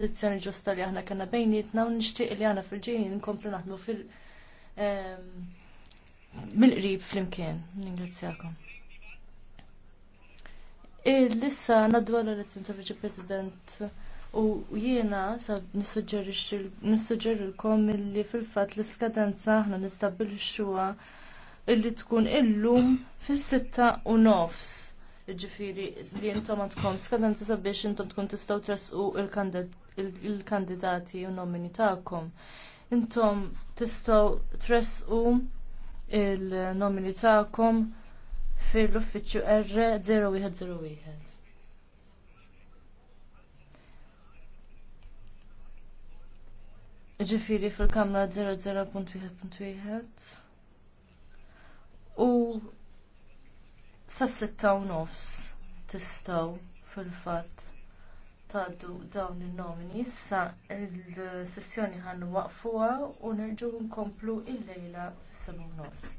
tradizzjoni ġusta li aħna kena bejnietna u nixtieq li aħna fil-ġejjin nkomplu naħdmu fil- ehm, mill-qrib flimkien. Ningrazzjakom. Ningrazzjakom. E, lissa naddu għal elezzjon ta' Viċi President u jiena sa nissuġġerilkom li fil-fatt l-iskadenza aħna nistabbilixxuha illi tkun illum fis-sitta u nofs ġifiri li intom għandkom skadenza sabiex intom tkun tistgħu trasqu il-kandidati u nomini tagħkom. Intom tistgħu trasqu il-nomini tagħkom fil-uffiċċju R0101. Ġifiri fil-kamra 00.1.1. sa' sitta u nofs tistgħu fil-fatt tgħaddu dawn in-nomini. Issa il-sessjoni ħanu waqfuha u nerġgħu nkomplu il-lejla fil-sa u nofs.